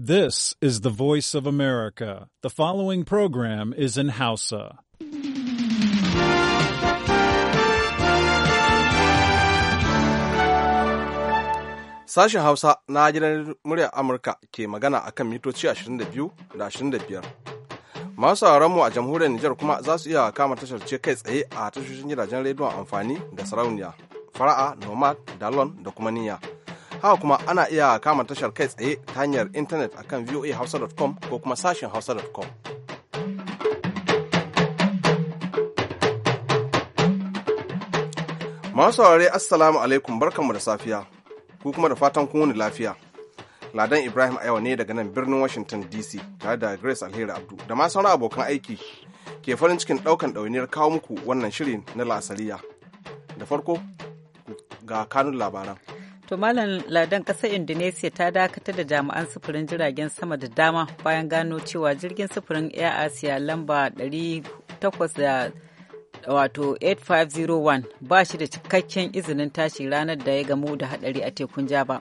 This is the voice of America. The following program is in Hausa. Sashen Hausa na gidan muryar Amurka ke magana akan mitoci 22 da 25. Masu mu a jamhuriyar Nijar kuma za su iya kama tashar ce kai tsaye a tashoshin gidajen rediyon amfani da sarauniya, fara'a, nomad, dalon da kuma niyya. haka kuma ana iya kama tashar kai tsaye ta hanyar intanet akan voahausa.com ko kuma sashen hausa.com masu saurare assalamu alaikum barkanmu da safiya ku kuma da fatan kun wuni lafiya ladan ibrahim ayawa ne daga nan birnin washington dc tare da grace alheri abdu da ma sauran abokan aiki ke farin cikin ɗaukan ɗawainiyar kawo muku wannan shirin na la'asariya da farko ga kanun labaran To Malam Ladan ƙasar Indonesia ta dakatar da jami'an sufurin jiragen sama da dama bayan gano cewa jirgin sufurin Air Asia lamba 8501 ba shi da cikakken izinin tashi ranar da ya gamu da hadari a tekun Jaba.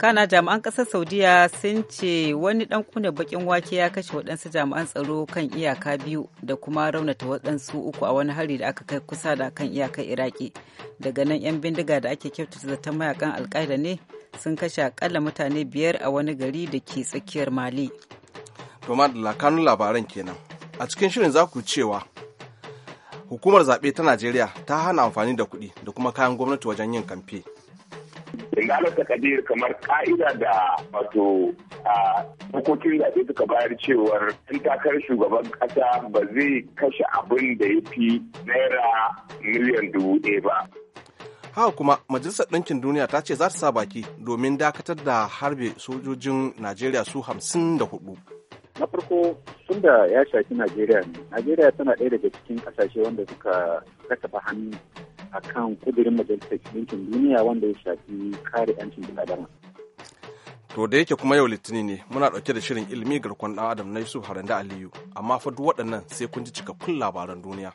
kana jami'an ƙasar saudiya sun ce wani ɗan kuna bakin wake ya kashe waɗansu jami'an tsaro kan iyaka biyu da kuma raunata waɗansu uku a wani hari da aka kai kusa da kan iyakar iraki daga nan 'yan bindiga da ake kyautata ta mayakan alkaida ne sun kashe akalla mutane biyar a wani gari da ke tsakiyar mali labaran kenan a cikin shirin za ku cewa hukumar zaɓe ta najeriya ta hana amfani da kuɗi da kuma kayan gwamnati wajen yin kamfe Dangane ta kadir kamar ka'ida da wato a hukukin zaɓe suka bayar cewar ɗan takarar shugaban ƙasa ba zai kashe abin da ya fi naira miliyan dubu ɗaya ba. haka kuma majalisar ɗinkin duniya ta ce za ta sa baki domin dakatar da harbe sojojin najeriya su hamsin da hudu na farko tun da ya shafi najeriya ne najeriya tana ɗaya daga cikin ƙasashe wanda suka kasafa hannu a kan kudirin majalisar ɗinkin duniya wanda ya shafi kare 'yancin adama To da yake kuma yau litini ne muna ɗauke da shirin ilimi garkon ɗan adam na Yusuf Haranda Aliyu amma fa duk waɗannan sai kun ji cikakkun labaran duniya.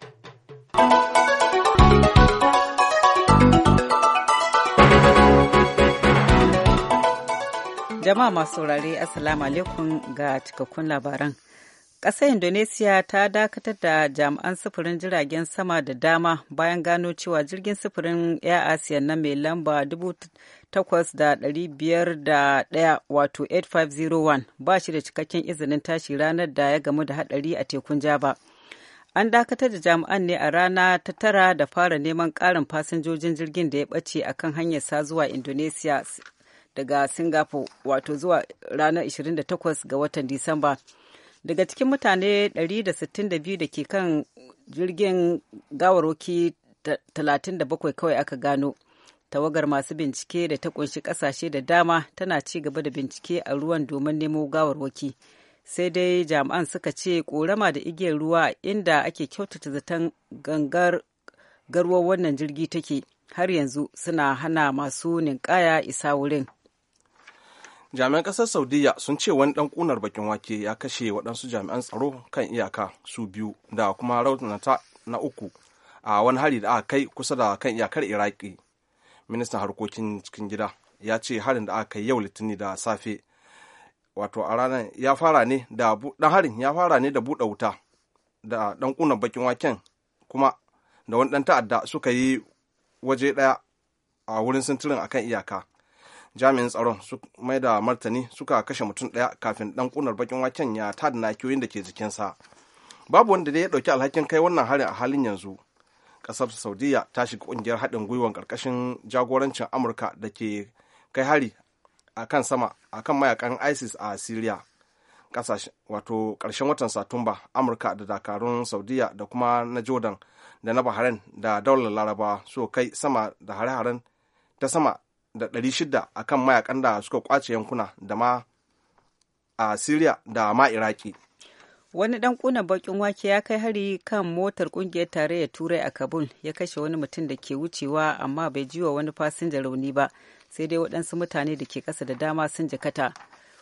Jama'a masu saurare Assalamu alaikum ga cikakkun labaran. ƙasar indonesiya ta dakatar da jami'an sufurin jiragen sama da dama bayan gano cewa jirgin sufurin air asia na mai lamba 8501 wato 8501 ba shi da cikakken izinin tashi ranar da ya gamu da hadari a tekun java an dakatar da jami'an ne a rana ta tara da fara neman ƙarin fasinjojin jirgin da ya bace a kan hanyar sa zuwa indonesiya daga singapore wato zuwa ranar 28 ga watan disamba daga cikin mutane 162 da ke kan jirgin gawarwaki 37 kawai aka gano tawagar masu bincike da ta kunshi kasashe da dama tana ci gaba da bincike a ruwan domin nemo gawarwaki sai dai jami'an suka ce korama da igiyar ruwa inda ake kyautata zaton gangar garwar wannan jirgi take har yanzu suna hana masu ninkaya isa wurin jami'an ƙasar saudiya sun ce wani ɗan ƙunar bakin wake ya kashe waɗansu jami'an tsaro kan iyaka su biyu da kuma rautunata na uku a wani hari da aka kai kusa da kan iyakar iraki ministan harkokin cikin gida ya ce harin da aka kai yau litini da safe wato a ranar ya fara ne da dan harin ya fara ne da buɗe wuta da ɗan ƙunar bakin waken kuma da wani ɗan ta'adda suka yi waje ɗaya a wurin sintirin akan iyaka jami'in tsaron su mai da martani suka kashe mutum ɗaya kafin ɗan ƙunar bakin waken ya da nakiyoyin da ke jikinsa babu wanda dai ya ɗauki alhakin kai wannan harin a halin yanzu kasar saudiya ta shiga ƙungiyar haɗin gwiwar ƙarƙashin jagorancin amurka da ke kai hari a kan sama a kan mayakan isis a syria wato ƙarshen watan satumba amurka da dakarun saudiya da kuma na jordan da na bahrain da daular larabawa so kai sama da hare-haren ta sama da 600 a kan mayakan da suka kwace yankuna da ma a Siriya da ma Iraki. Wani ɗan kuna bakin wake ya kai hari kan motar ƙungiyar tarayyar Turai a Kabul ya kashe wani mutum da ke wucewa amma bai jiwa wani fasinja rauni ba sai dai waɗansu mutane da ke ƙasa da dama sun jikata.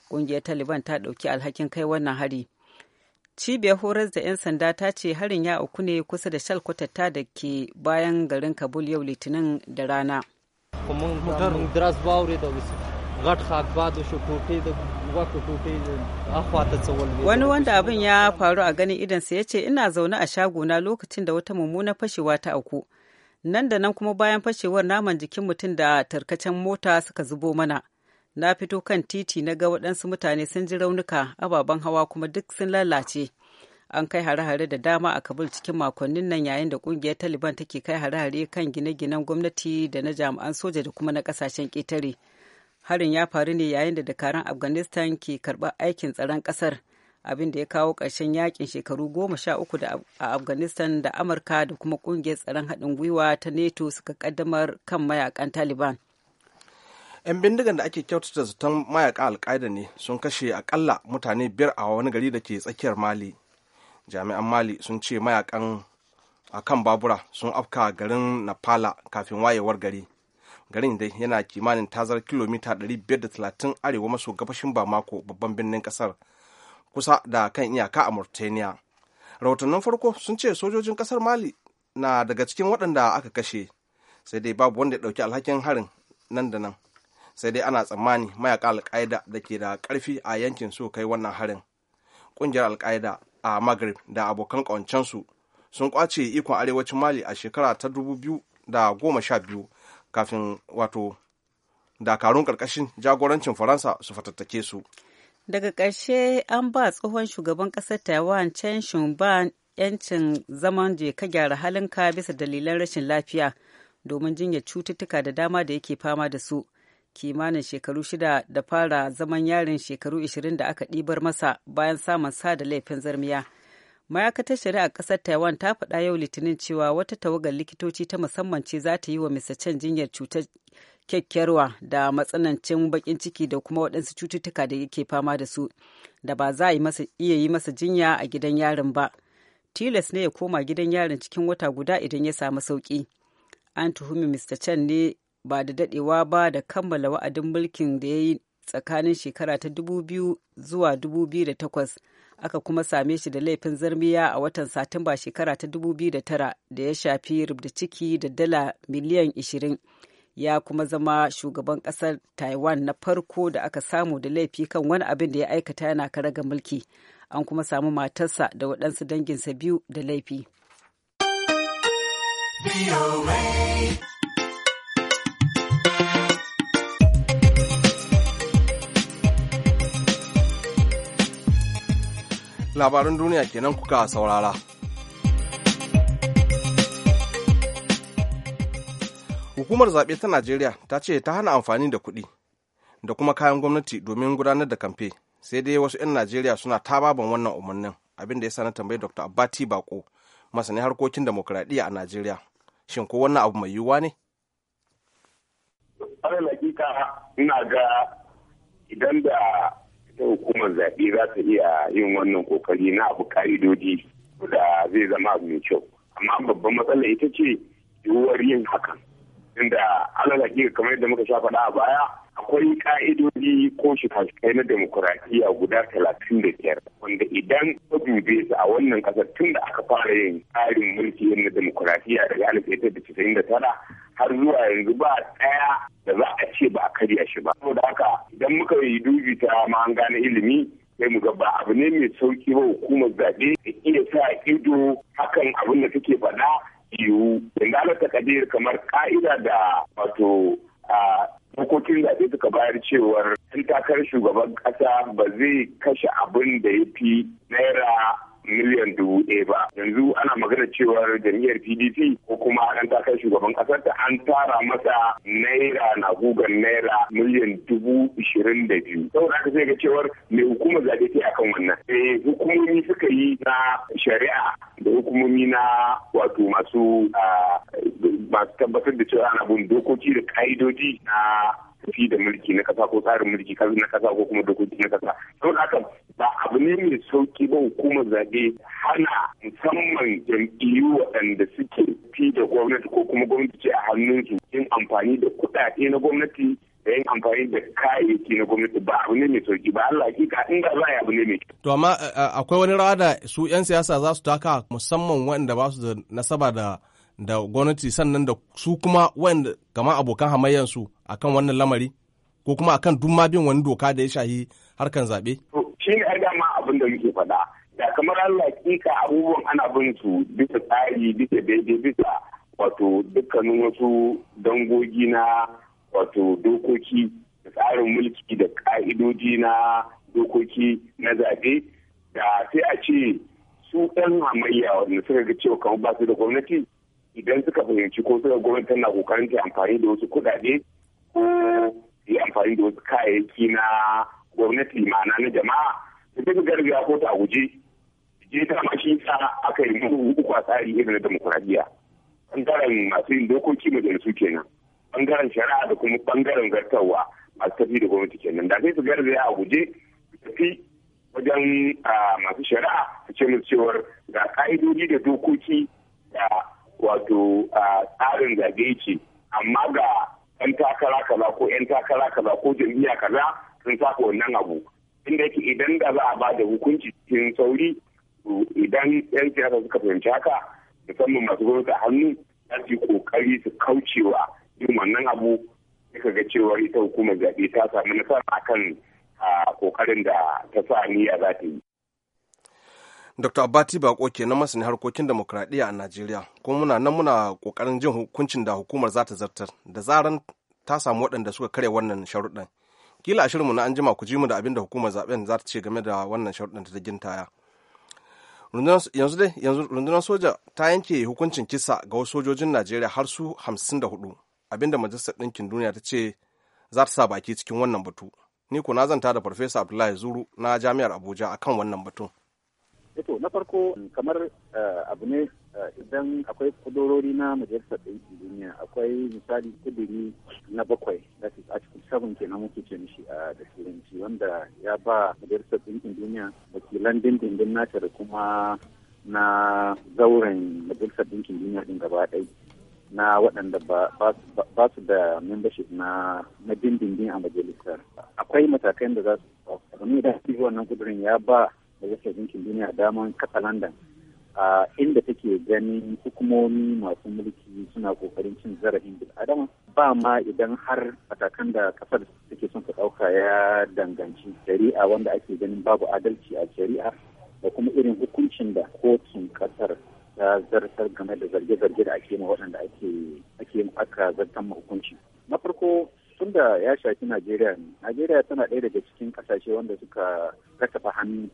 Ƙungiyar Taliban ta ɗauki alhakin kai wannan hari. cibiyar horas da 'yan sanda ta ce harin ya auku ne kusa da shalkwatatta da ke bayan garin kabul yau litinin da rana wani wanda abin ya faru a ganin idansa ya ce ina zaune a shagona lokacin da wata mummuna fashewa ta auku nan da nan kuma bayan fashewar naman jikin mutum da tarkacen mota suka zubo mana na fito kan titi na ga waɗansu mutane sun ji raunuka ababen hawa kuma duk sun lalace an kai hare-hare da dama a kabul cikin makonnin nan yayin da kungiyar taliban take kai hare-hare kan gine-ginen gwamnati da na jami'an soja da kuma na kasashen ƙetare harin ya faru ne yayin da dakaran afghanistan ke karɓar aikin tsaron kasar abin da ya kawo ƙarshen yakin shekaru goma sha uku a afghanistan da amurka da kuma ƙungiyar tsaron haɗin gwiwa ta neto suka ƙaddamar kan mayakan taliban 'yan bindigan da ake kyautata zaton mayaka alkaida ne sun kashe akalla mutane biyar a wani gari da ke tsakiyar mali jami'an mali sun ce mayakan a kan babura sun afka garin napala kafin wayewar gari garin dai yana kimanin tazar kilomita 530 arewa maso gabashin bamako babban birnin kasar kusa da kan iyaka a mauritania rahotannin farko sun ce sojojin kasar mali na daga cikin waɗanda aka kashe sai dai babu wanda ya ɗauki alhakin harin nan da nan sai dai ana tsammani mayaka alƙa'ida da ke da ƙarfi a yankin so kai wannan harin ƙungiyar alƙa'ida a magrib da abokan ƙawancensu sun kwace ikon arewacin mali a shekara ta dubu biyu da goma sha biyu kafin wato dakarun ƙarƙashin jagorancin faransa su fatattake su daga ƙarshe an ba tsohon shugaban ƙasar taiwan chen ba yancin zaman je ka gyara ka bisa dalilan rashin lafiya domin jinya cututtuka da dama da yake fama da su kimanin shekaru shida da fara zaman yarin shekaru 20 da aka ɗibar masa bayan samun sa da laifin zarmiya. ma'aikatar shari'a ƙasar taiwan ta faɗa yau litinin cewa wata tawagar likitoci ta musamman ce za ta yi wa mr chen jinyar cutar kyakkyarwa da matsanancin baƙin ciki da kuma waɗansu cututtuka da yake fama da su da ba za a iya yi masa jinya a gidan yarin ba tilas ne ya koma gidan yarin cikin wata guda idan ya samu sauƙi an tuhumi mr chen ne ba da dadewa ba da kammala wa'adin mulkin da ya yi tsakanin shekara ta 2000 zuwa 2008 aka kuma same shi da laifin zarmiya a watan satumba shekara ta 2009 da ya shafi rubda ciki da dala miliyan 20 ya kuma zama shugaban kasar taiwan na farko da aka samu da laifi kan wani abin da ya aikata yana karaga mulki an kuma samu matarsa da waɗansu danginsa biyu da laifi. labaran duniya kenan kuka saurara. Hukumar zaɓe ta Najeriya ta ce ta hana amfani da kuɗi da kuma kayan gwamnati domin gudanar da kamfe sai dai wasu 'yan Najeriya suna baban wannan umarnin abin da ya sana tambayi Dr. Abbati Bako masani harkokin demokuraɗiyya a Najeriya. Shin ko wannan abu mai yiwuwa ne? ina ga idan da ta hukumar zaɓe za ta iya yin wannan kokari na abu ka'idodi da zai zama abu mai kyau amma babban matsala ita ce yiwuwar yin hakan inda alal kamar yadda muka sha faɗa a baya akwai ka'idodi ko shikashikai na demokuraɗiyya guda talatin da biyar wanda idan ka dube su a wannan ƙasar tun da aka fara yin tsarin mulki na demokuraɗiyya daga alif da casa'in da tara har zuwa yanzu ba ɗaya da za a ce ba a karya shi ba. Saboda haka idan muka yi dubi ta mahanga na ilimi sai mu ga ba abu ne mai sauki ba hukumar zaɓe da iya sa ido hakan abin da take faɗa yiwu. Yanzu ana takadir kamar ƙa'ida da wato dokokin zaɓe suka bayar cewar ɗan takarar shugaban ƙasa ba zai kashe abin da ya fi naira miliyan dubu ɗaya ba yanzu ana magana cewar jam'iyyar pdp ko kuma ɗan takarar shugaban ƙasar ta an tara masa naira na gugan naira miliyan dubu ishirin da biyu saboda haka sai ga cewar mai hukumar zaɓe ta akan wannan eh hukumomi suka yi na shari'a da hukumomi na wato masu masu tabbatar da cewa ana bin dokoki da ka'idoji na fi da mulki na kasa ko tsarin mulki na kasa ko kuma dokoki na kasa saboda haka ba abu ne mai sauki ba hukumar zaɓe hana musamman jam'iyyu waɗanda suke fi da gwamnati ko kuma gwamnati ce a hannunsu yin amfani da kuɗaɗe na gwamnati da yin amfani da kayayyaki na gwamnati ba abu ne mai sauki ba Allah hakika in ga za a yi abu ne mai to amma eh, eh, akwai wani rawa da su 'yan siyasa za su taka musamman waɗanda ba su da nasaba da da gwamnati sannan da su kuma waɗanda kama abokan hamayyansu akan wannan lamari ko kuma akan duk ma bin wani doka da ya shahi harkan zaɓe. shi ne har dama abin da muke faɗa da kamar Allah kika abubuwan ana bin su bisa tsari bisa daidai bisa wato dukkanin wasu dangogi na wato dokoki da tsarin mulki da ka'idoji na dokoki na zaɓe da sai a ce su ɗan hamayya wanda suka ga cewa kamar ba su da gwamnati idan suka fahimci ko suka gwamnati tana kokarin ta amfani da wasu kuɗaɗe ko yi amfani da wasu kayayyaki na gwamnati ma'ana na jama'a da ta garbiya ko ta guje je ta ma shi aka yi mu uku a tsari irin na demokuraɗiyya bangaren masu yin dokoki majalisu kenan bangaren shari'a da kuma ɓangaren gartarwa masu tafi da gwamnati kenan da sai su garbiya a guje tafi wajen masu shari'a su ce musu cewar ga ka'idodi da dokoki da wato tsarin zage ce amma ga 'yan takara kaza ko 'yan takara kaza ko jam'iyya kaza sun saka wannan abu inda yake idan da za a ba da hukunci cikin sauri idan yan siyasa suka fahimci haka musamman masu gwamnati hannu za su yi kokari su kaucewa yin wannan abu sai ga cewa ita hukumar zaɓe ta samu nasara kan kokarin da ta sa niyya za ta yi. Dr. Abati Bako ke na masani harkokin demokradiyya a Najeriya, kuma muna nan muna kokarin jin hukuncin da hukumar za ta zartar da zaran ta samu waɗanda suka karya wannan sharuɗan. kila a shirinmu na anjima ku ji mu da abin da hukumar zaben za ta ce game da wannan sharuɗin ta gintaya yanzu dai yanzu rundunar soja ta yanke hukuncin kisa ga wasu sojojin najeriya har su hamsin da hudu abinda majalisar ɗinkin duniya ta ce za ta sa baki cikin wannan batu ni ko na zanta da farfesa abdullahi zuru na jami'ar abuja akan wannan batun na farko kamar eh, abu ne idan akwai kudurori na majalisar ɗinkin duniya akwai misali kuduri na bakwai da ke a cikin sabon na muke ce mishi a da turanci wanda ya ba majalisar ɗinkin duniya wakilan dindindin nata da kuma na zauren majalisar ɗinkin duniya din gaba ɗaya na waɗanda ba su da membership na na dindindin a majalisar akwai matakan da za su ne da wannan kudurin ya ba majalisar ɗinkin duniya daman katsalandan a inda take ganin hukumomi masu mulki suna kokarin cin zarafin bil'adama ba ma idan har matakan da kasar take son ka ɗauka ya danganci shari'a wanda ake ganin babu adalci a shari'a da kuma irin hukuncin da kotun kasar ta zartar game da zarge-zarge da ake ma waɗanda ake ake aka zartar ma hukunci na farko tunda ya shafi najeriya ne najeriya tana ɗaya daga cikin ƙasashe wanda suka rattaba hannu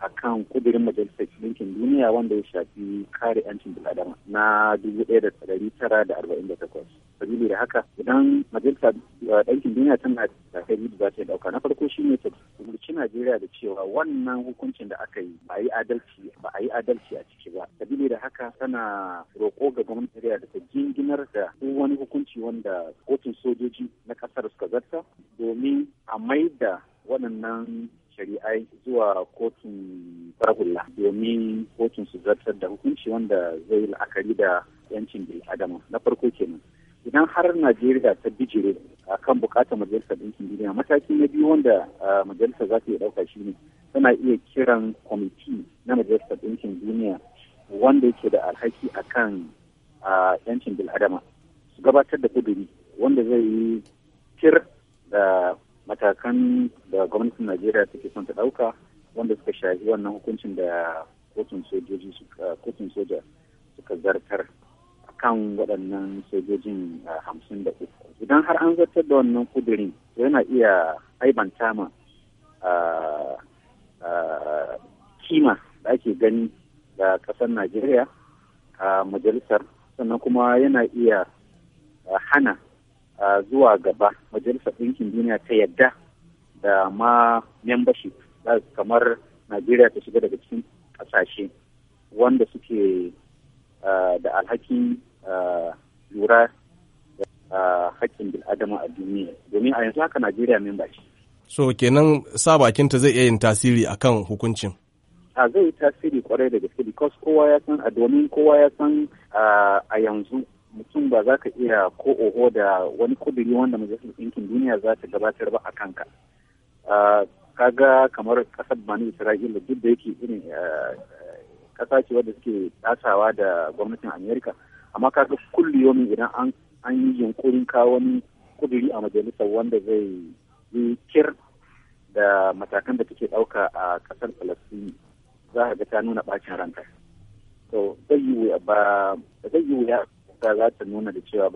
akan kudirin majalisar ɗinkin duniya wanda ya shafi kare 'yancin bil'adama na dubu ɗaya da arba'in da takwas. Sabili da haka idan majalisar eh, ɗinkin duniya tana da kai za ta ɗauka na farko shi ne ta umarci Najeriya da cewa wannan hukuncin da aka yi ba a yi adalci ba a yi adalci a ciki ba. Sabili da haka tana roƙo ga gwamnatin da ta jinginar da wani hukunci wanda kotun sojoji na ƙasar suka zarta domin a maida waɗannan shari'ai zuwa kotun farhulla domin kotun su zartar da hukunci wanda zai la'akari da yancin bil'adama na farko kenan idan har najeriya ta bijire a kan bukatar majalisar ɗinkin duniya mataki na biyu wanda majalisar za ta iya ɗauka shi ne tana iya kiran kwamiti na majalisar ɗinkin duniya wanda yake da alhaki a kan yancin bil'adama su gabatar da kuduri wanda zai yi kir da matakan da gwamnatin najeriya take son ta ɗauka wanda suka shafi wannan hukuncin da kotun kotun soja suka zartar kan waɗannan sojojin ah, hamsin da uku idan har an zartar da wannan kudirin yana iya haibanta ma ah, ah, kima da ake gani da ƙasar najeriya a majalisar sannan kuma yana iya hana zuwa gaba majalisar ɗinkin duniya ta yadda da ma membership kamar najeriya ta shiga daga cikin ƙasashe wanda suke da alhakin lura da haƙƙin bil'adama a duniya domin a yanzu haka najeriya memba so kenan sa bakinta zai iya yin tasiri akan hukuncin a zai yi tasiri kwarai da gaske because kowa ya san a domin kowa ya san a yanzu mutum ba za ka iya ko oho da wani kuduri wanda majalisar ɗinkin duniya za ta gabatar ba a kanka Ah, kaga kamar kasar bani isra'ila duk da yake irin kasa eh, eh, ce wadda suke tasawa da gwamnatin amerika amma kaga yomi idan an yi yunkurin kawo wani kuduri a majalisar wanda zai yi kir da matakan da take ɗauka a kasar falastin za a ga ta nuna bacin ranta to zai yi wuya ta za ta nuna da cewa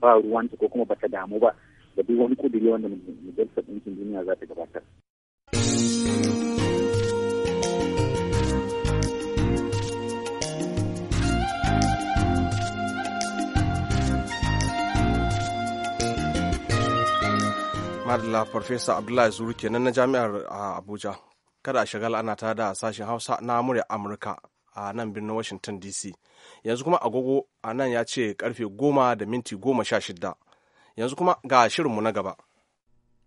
ba ruwanta ko kuma ba ta damu ba da duk wani kudiri wanda majalisar ɗinkin duniya za ta gabatar. Madalla Farfesa Abdullahi Zuru kenan na jami'ar Abuja. Kada a shagala ana ta da sashen Hausa na murya Amurka a nan birnin Washington DC. Yanzu kuma agogo a nan ya ce karfe goma da minti goma sha shida yanzu kuma ga shirinmu na gaba.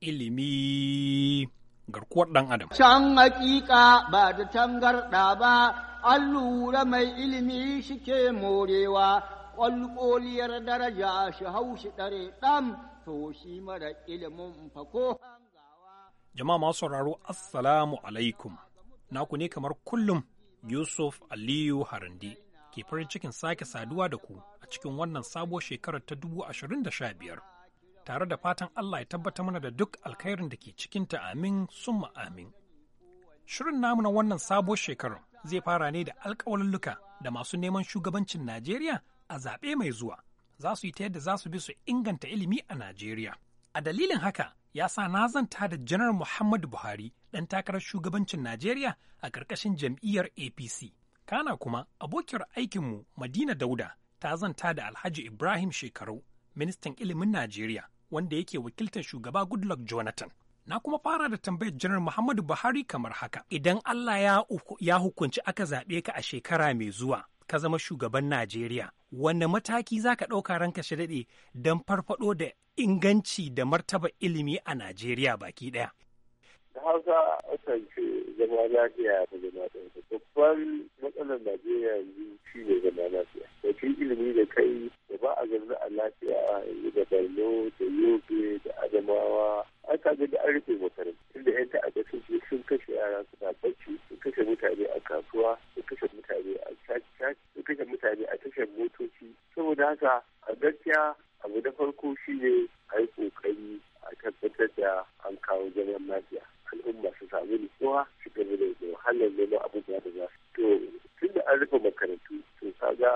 Ilimi garkuwar ɗan Adam. Can hakika ba da tangarɗa ba, an lura mai ilimi shi ke morewa, ƙwalƙoliyar daraja shi hau shi ɗare ɗan, to shi mara ilimin fako Jama'a masu sauraro, Assalamu alaikum. na ku ne kamar kullum Yusuf Aliyu Harande ke farin cikin sake saduwa da ku a cikin wannan sabuwar shekarar ta dubu ashirin da sha biyar. tare da fatan Allah ya tabbata mana da duk alkhairin da ke cikin ta amin summa amin. Shirin namu na wannan sabo shekarun zai fara ne da alkawalluka da masu neman shugabancin Najeriya a zaɓe mai zuwa za su yi ta yadda za su bi su inganta ilimi a Najeriya. A dalilin haka ya sa na zanta da Janar Muhammadu Buhari ɗan takarar shugabancin Najeriya a ƙarƙashin jam'iyyar APC. Kana kuma abokiyar aikinmu Madina Dauda ta zanta da Alhaji Ibrahim Shekaru, ministan ilimin Najeriya, wanda yake wakiltar shugaba Goodluck Jonathan. Na kuma fara da tambayar janar Muhammadu Buhari kamar haka. Idan Allah ya, ya hukunci aka zaɓe ka a shekara mai zuwa, ka zama shugaban Najeriya, wanne mataki za ka ɗauka ranka shi daɗe don farfaɗo da inganci da martaba ilimi a Najeriya baki ɗaya? Da haka aka ce zama lafiya da zama ɗansa babban matsalar najeriya yanzu shi ne zama lafiya batun ilimi da kai da ba a zaune a lafiya a yanzu da borno da yobe da adamawa an ga da an rufe makarantu inda yan ta'adda sun sun kashe yara suna bacci sun kashe mutane a kasuwa sun kashe mutane a caci sun kashe mutane a tashar motoci saboda haka a gaskiya abu da farko shi ne a yi ƙoƙari a tabbatar da an kawo zaman lafiya al'umma su samu nutsuwa su gani da wahalar neman abubuwa da za su to tun da an rufe makarantu to ga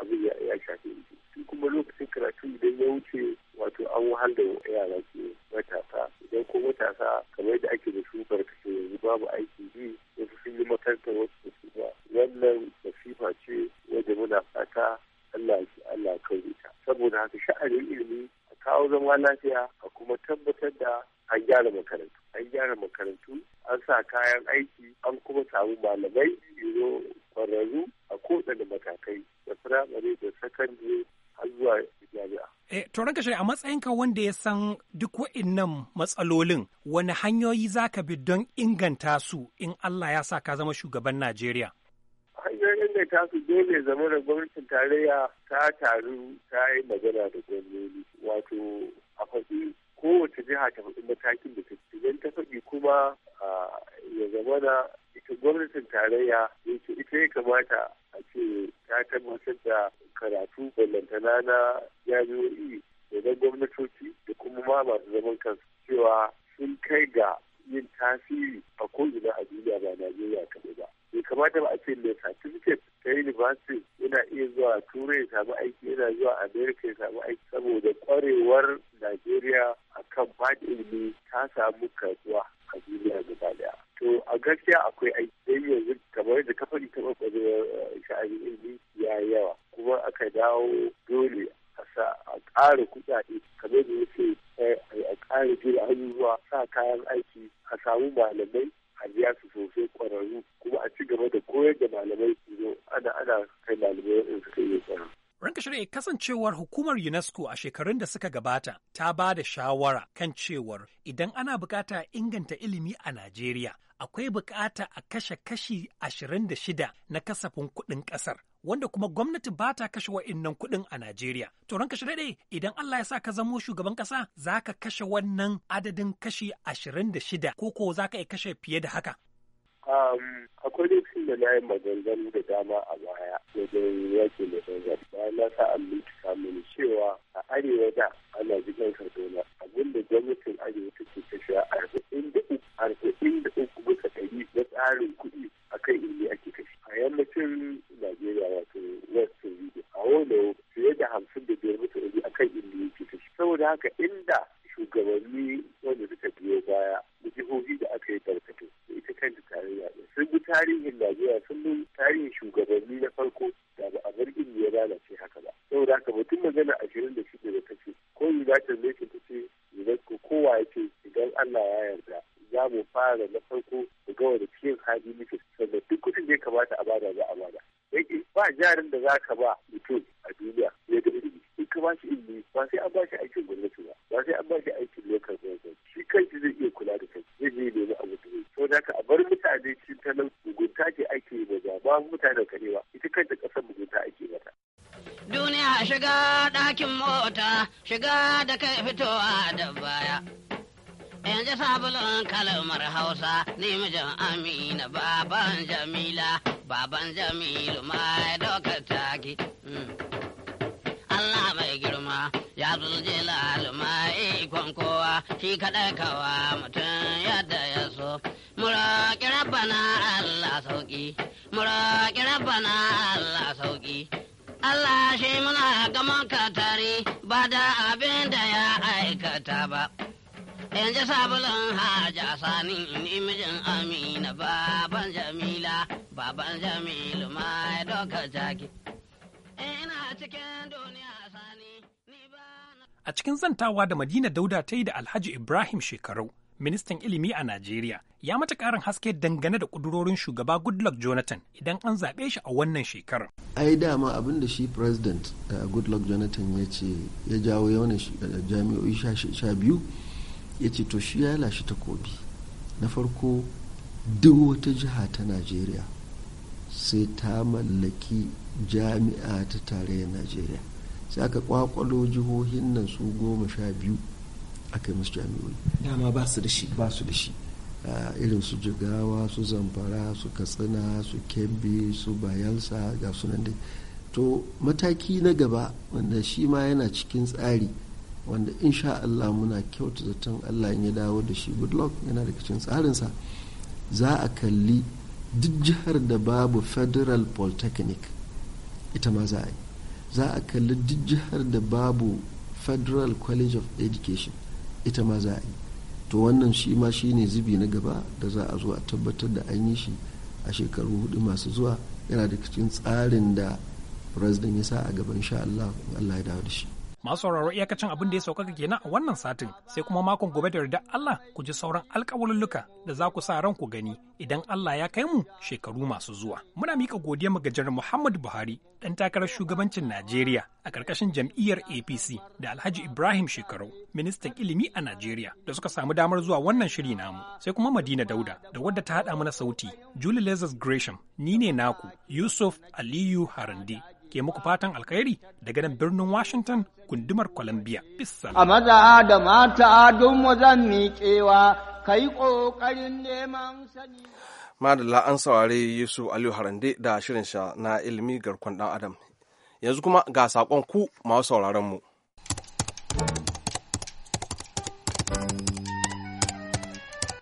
abin ya shafi su kuma lokacin karatu idan ya wuce wato an wahalar yara ke matasa idan ko matasa kamar da ake da su barkace yanzu babu aiki bi. wasu sun yi makarantar wasu su ba wannan masifa ce wadda muna fata Allah ya Allah ya ta saboda haka sha'anin ilimi a kawo zama lafiya a kuma tabbatar da an gyara makarantu gyara makarantu an sa kayan aiki an kuma samu malamai yiro kwararru a kowane matakai da firamare da sakandare har zuwa jami'a. Eh, to ranka a matsayinka wanda ya san duk wa'innan matsalolin wani hanyoyi za ka bi don inganta su in Allah ya sa ka zama shugaban Najeriya? Hanyoyin da ta su dole zama da gwamnatin tarayya ta taru ta yi magana da gwamnati wato a faɗi kowace jiha ta faɗi matakin da ta idan ta faɗi kuma ya zama na ita gwamnatin tarayya yake ita ya kamata a ce ta tabbatar da karatu ballantana na jami'o'i da na gwamnatoci da kuma ma masu zaman kansu cewa sun kai ga yin tasiri a ko'ina a duniya ba Najeriya kaɗai ba. ya kamata ba a ce mai certificate ta university yana iya zuwa Turai ya samu aiki yana zuwa America ya samu aiki saboda kwarewar an samu karbuwa a duniya guda daya to a gaskiya akwai aiki don yanzu kamar da ta faɗi taɓa sha'ani eh, sha'anin ilimi ya yawa kuma aka dawo dole a sa a ƙara kuɗaɗe kamar da yake eh, a ƙara jira hannuwa sa kayan aiki a samu malamai a biya su sosai ƙwararru kuma a ci gaba da koyar da malamai shirye kasancewar hukumar UNESCO a shekarun da suka gabata ta ba da shawara kan cewar idan ana bukata inganta ilimi a Najeriya, akwai bukata a kashe kashi 26 na kasafin kuɗin ƙasar. Wanda kuma gwamnati ba ta kashe wa'innan kuɗin a Najeriya. To ran kashe daɗe idan Allah ya sa ka zamo shugaban ƙasa za ka kashe wannan adadin kashi 26 ko ko za ka iya kashe fiye da haka. Um, akwai lokacin da na yi maganganu da dama a baya wajen yaƙi da zanzan bayan na sa an bincika mini cewa a arewa da ana jikin kardona abinda gwamnatin arewa ta ke kashe arba'in da uku arba'in da uku bisa ɗari na tsarin kuɗi a kan inda ake kashe a yammacin najeriya wato west region a wani fiye da hamsin da biyar bisa ɗari a kan inda yake kashe saboda haka inda shugabanni wanda suka biyo baya tarihin Najeriya sun tarihin shugabanni na farko da ba a bar ya lalace haka ba. Saboda haka mutum magana ashirin da shida da ta ce ko yi za ta ce ko kowa ya ce idan Allah ya yarda za mu fara na farko da gawa da cikin hali muke sannan duk kuɗin da ya kamata a bada za a bada. Yake ba jarin da za ka ba mutum ba shi ilimi ba sai an ba shi aikin gwamnati ba ba sai an ba shi aikin lokal gwamnati shi kanshi zai iya kula da kai zai je nemi abu da zai so da ka bar mutane cikin talan mugunta ce ake yi ba ba mutane kare ba ita kanta kasar mugunta ake mata. Duniya shiga ɗakin mota shiga da kai fitowa da baya. Yanzu sabulun kalmar Hausa ne mijin Amina baban Jamila baban Jamilu ma ya taki. Hmm. Allah mai girma ya zuje laluma ikon kowa shi kaɗai kawa mutum yadda ya so. Muraƙi rabbana Allah sauƙi, muraƙi rabbana Allah sauƙi. Allah shi muna gaman katari ba da abin da ya aikata ba. Yanzu sabulun haja sani ni mijin Amina baban Jamila, baban Jamilu ma ya doka jaki. A cikin zantawa da Madina Dauda ta yi da Alhaji Ibrahim Shekarau, ministan ilimi a Najeriya, ya mata karin haske dangane da kudurorin shugaba Goodluck Jonathan idan an zaɓe shi a wannan shekarar. Ai dama abin da shi President uh, Goodluck Jonathan ya ce ya jawo yawan uh, jami'o'i sha biyu ya ce to shi ya lashe takobi. Na farko duk wata jiha ta Najeriya sai ta mallaki jami'a ta tarayyar najeriya sai aka kwakwalo jihohin nan su goma sha biyu aka yi musu jami'o'i dama ba su da shi ba su da shi irin su jigawa su zamfara su katsina su kebbi su bayelsa ga sunan da to mataki na gaba wanda shi ma yana cikin tsari wanda insha Allah muna kyauta zaton Allah ya dawo da shi good luck yana da cikin tsarinsa za a kalli duk jihar da babu federal polytechnic ita ma za a yi za a kalli duk jihar da babu federal college of education ita ma za a yi to wannan shi ma shi ne zubi na gaba da za a zo a tabbatar da an yi shi a shekaru hudu masu zuwa yana da cikin tsarin da president ya sa a gaban sha Allah Allah ya dawo da shi Masu sauraro iyakacin abin da ya sauƙaƙa kenan a wannan satin sai kuma makon gobe da yarda Allah ku ji sauran alƙawululluka da za ku sa ran ku gani idan Allah ya kai mu shekaru masu zuwa. Muna mika godiya mu gajar muhammad Buhari ɗan takarar shugabancin Najeriya a ƙarƙashin jam'iyyar APC da Alhaji Ibrahim Shekaru ministan ilimi a Najeriya da suka samu damar zuwa wannan shiri namu. Sai kuma Madina Dauda da wadda ta haɗa mana sauti Julie Lazarus Gresham ni ne naku Yusuf Aliyu Harande ke muku fatan alkhairi daga nan birnin Washington gundumar Columbia. Bisa. A maza da mata don wajen miƙewa ka yi ƙoƙarin neman sani. Madalla an saurari Yusuf Aliyu Harande da shirinsa na ilimi garkon ɗan Adam. Yanzu kuma ga saƙon ku masu sauraron mu.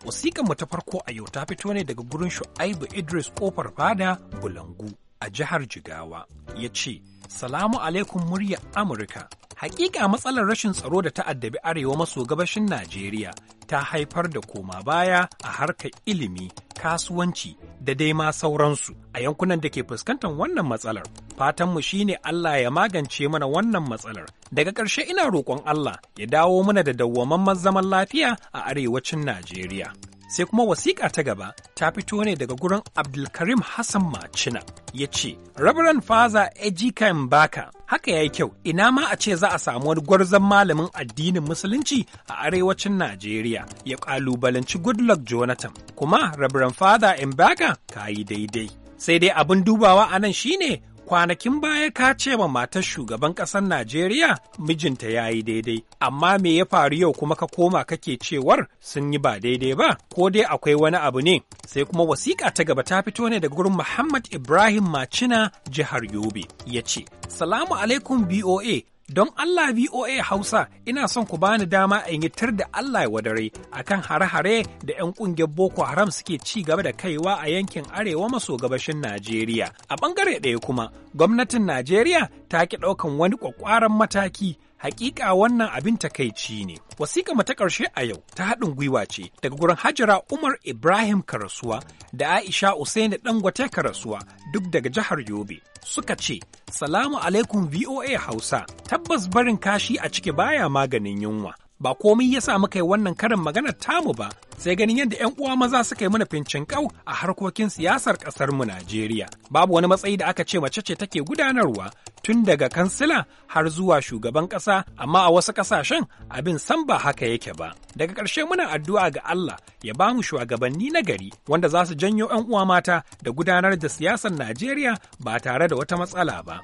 Wasiƙan mu ta farko a yau ta fito ne daga gurin Shu'aibu Idris Kofar Fada Bulangu. a jihar Jigawa ya ce, Salamu alaikum murya Amurka. Hakika matsalar rashin tsaro da ta'addabi arewa maso gabashin Najeriya ta haifar da koma baya a harkar ilimi, kasuwanci da dai ma sauransu a yankunan da ke fuskantar wannan matsalar. Fatanmu shi ne Allah ya magance mana wannan matsalar. Daga ƙarshe ina roƙon Allah ya dawo mana da dawwamamman zaman lafiya a arewacin Najeriya. sai kuma wasiƙa ta gaba ta fito ne daga gurin abdulkarim hassan macina ya ce "Rabran faza ejika baka haka ya yi kyau ina ma a ce za a samu wani gwarzon malamin addinin musulunci a arewacin najeriya ya ƙalubalanci goodluck jonathan kuma Rabiran faza mbaka ka yi daidai sai dai abin dubawa a nan shine kwanakin baya ka ce ma matar shugaban ƙasar Najeriya mijinta ya yi daidai, amma me ya faru yau kuma ka koma kake cewar sun yi ba daidai ba, ko dai akwai wani abu ne. Sai kuma wasiƙa ta gaba ta fito ne daga gurin Muhammad Ibrahim Macina jihar Yobe, ya ce, Salamu alaikum BOA, Don Allah VOA Hausa ina son ku bani dama a yitar da Allah ya wadare akan hare-hare da 'yan kungiyar Boko Haram suke ci gaba da kaiwa a yankin arewa maso gabashin Najeriya. A ɓangare ɗaya kuma, gwamnatin Najeriya ta ki ɗaukan wani ƙwaƙwaran mataki Hakika wannan abin takaici ne. Wasiƙa ta ƙarshe a yau ta haɗin gwiwa ce daga gurin Hajara Umar Ibrahim Karasuwa da Aisha Usaini Dangote Karasuwa duk daga jihar Yobe. Suka ce, Salamu alaikum VOA Hausa, tabbas barin kashi a ciki baya maganin yunwa. Ba komai ya sa muka yi wannan karin maganar tamu ba, sai ganin yadda 'yan uwa maza suka yi mana fincin kau a harkokin siyasar ƙasar Najeriya. Babu wani matsayi da aka ce mace ce take gudanarwa, tun daga kansila har zuwa shugaban ƙasa amma a wasu ƙasashen abin san ba haka yake ba daga ƙarshe muna addu'a ga Allah ya ba mu shugabanni na gari wanda za su janyo 'yan uwa mata da gudanar da siyasar Najeriya ba tare da wata matsala ba.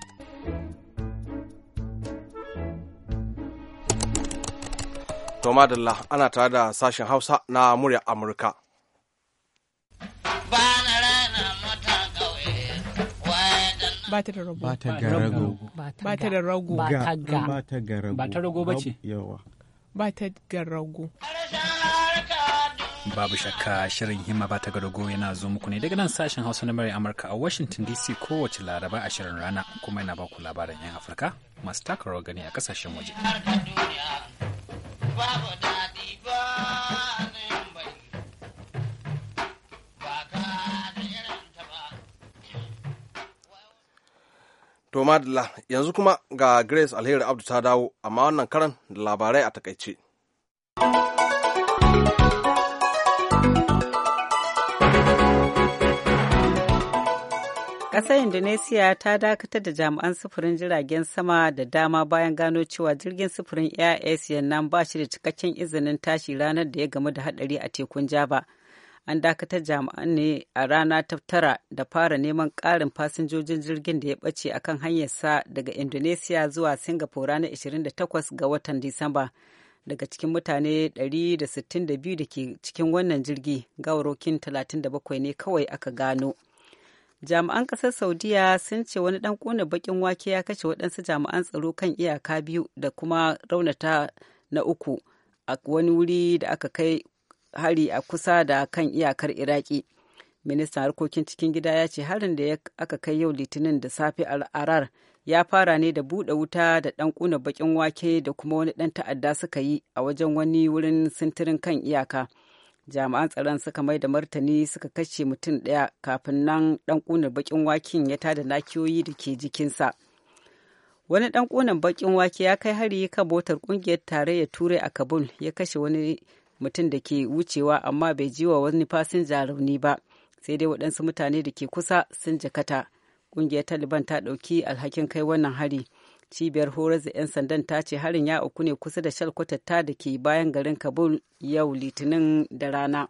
To ana tare da sashen Hausa na murya Amurka. Ba ba ta da rago ba ta ga ba ta da rago ba ta rago ba ta yawa ba ta rago Babu shakka shirin himma ba ta rago yana zo muku ne daga nan sashen Hausa na murya Amurka a Washington DC kowace Laraba a shirin rana kuma yana baku labaran 'yan Afirka masu takarar gani a kasashen waje. Babu daɗi ba. To madalla yanzu kuma ga Grace Alheri Abdu ta dawo amma wannan karan da labarai a takaice. Ƙasar Indonesia ta dakatar da jami'an sufurin jiragen sama da dama bayan gano cewa jirgin sufurin Air yannan nan ba shi da cikakken izinin tashi ranar da ya gamu da hadari a tekun Java. an dakatar jami'an ne a rana ta tara da fara neman ƙarin fasinjojin jirgin da ya ɓace a kan hanyarsa daga indonesiya zuwa singapore ranar 28 ga watan disamba daga cikin mutane 162 da ke cikin wannan jirgi gawarokin 37 ne kawai aka gano jami'an ƙasar saudiya sun ce wani ɗan ƙona baƙin wake ya kashe waɗansu jami'an tsaro kan iyaka biyu da kuma raunata na uku a wani wuri da aka kai hari a kusa da kan iyakar iraki ministan harkokin cikin gida ya ce harin da aka kai yau litinin da safe arar ya fara ne da buɗe wuta da ɗan ƙuna baƙin wake da kuma wani ɗan ta'adda suka yi a wajen wani wurin sintirin kan iyaka jami'an tsaron suka mai da martani suka kashe mutum ɗaya kafin nan ɗan ƙunar baƙin waken ya tada nakiyoyi da ke jikinsa wani ɗan ƙunan baƙin wake ya kai hari kan motar ƙungiyar tarayyar turai a kabul ya kashe wani mutum da ke wucewa amma bai ji wa wani fasinja rauni ba sai dai waɗansu mutane da ke kusa sun jakata ƙungiyar taliban ta ɗauki alhakin kai wannan hari cibiyar horar da 'yan sandan ta ce harin ya uku ne kusa da shalkwatatta da ke bayan garin kabul yau litinin da rana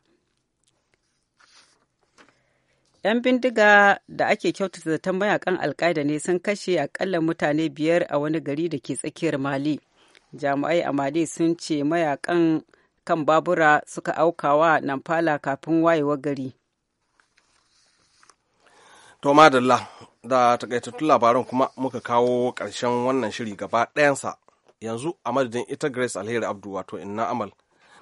'yan bindiga da ake kyautata zaton mayakan alkaida ne sun kashe akalla mutane biyar a wani gari da ke tsakiyar mali jami'ai a mali sun ce mayakan kan babura suka auka wa namfala kafin wayewa gari. To madalla da takaitattun labaran kuma muka kawo ƙarshen wannan shiri gaba ɗayansa yanzu a madadin ita Grace Alheri Abdu wato inna amal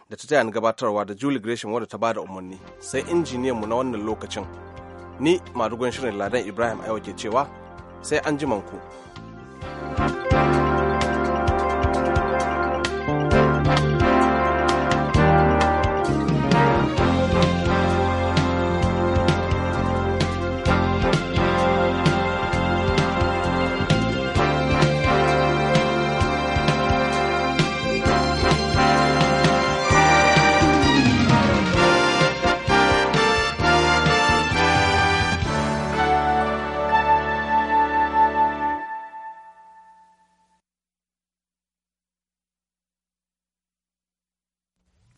da ta taya ni gabatarwa da Julie Gresham wadda ta bada umarni sai injiniyan mu na wannan lokacin ni madugon shirin Ladan Ibrahim Aiwa ke cewa sai an ku. thank you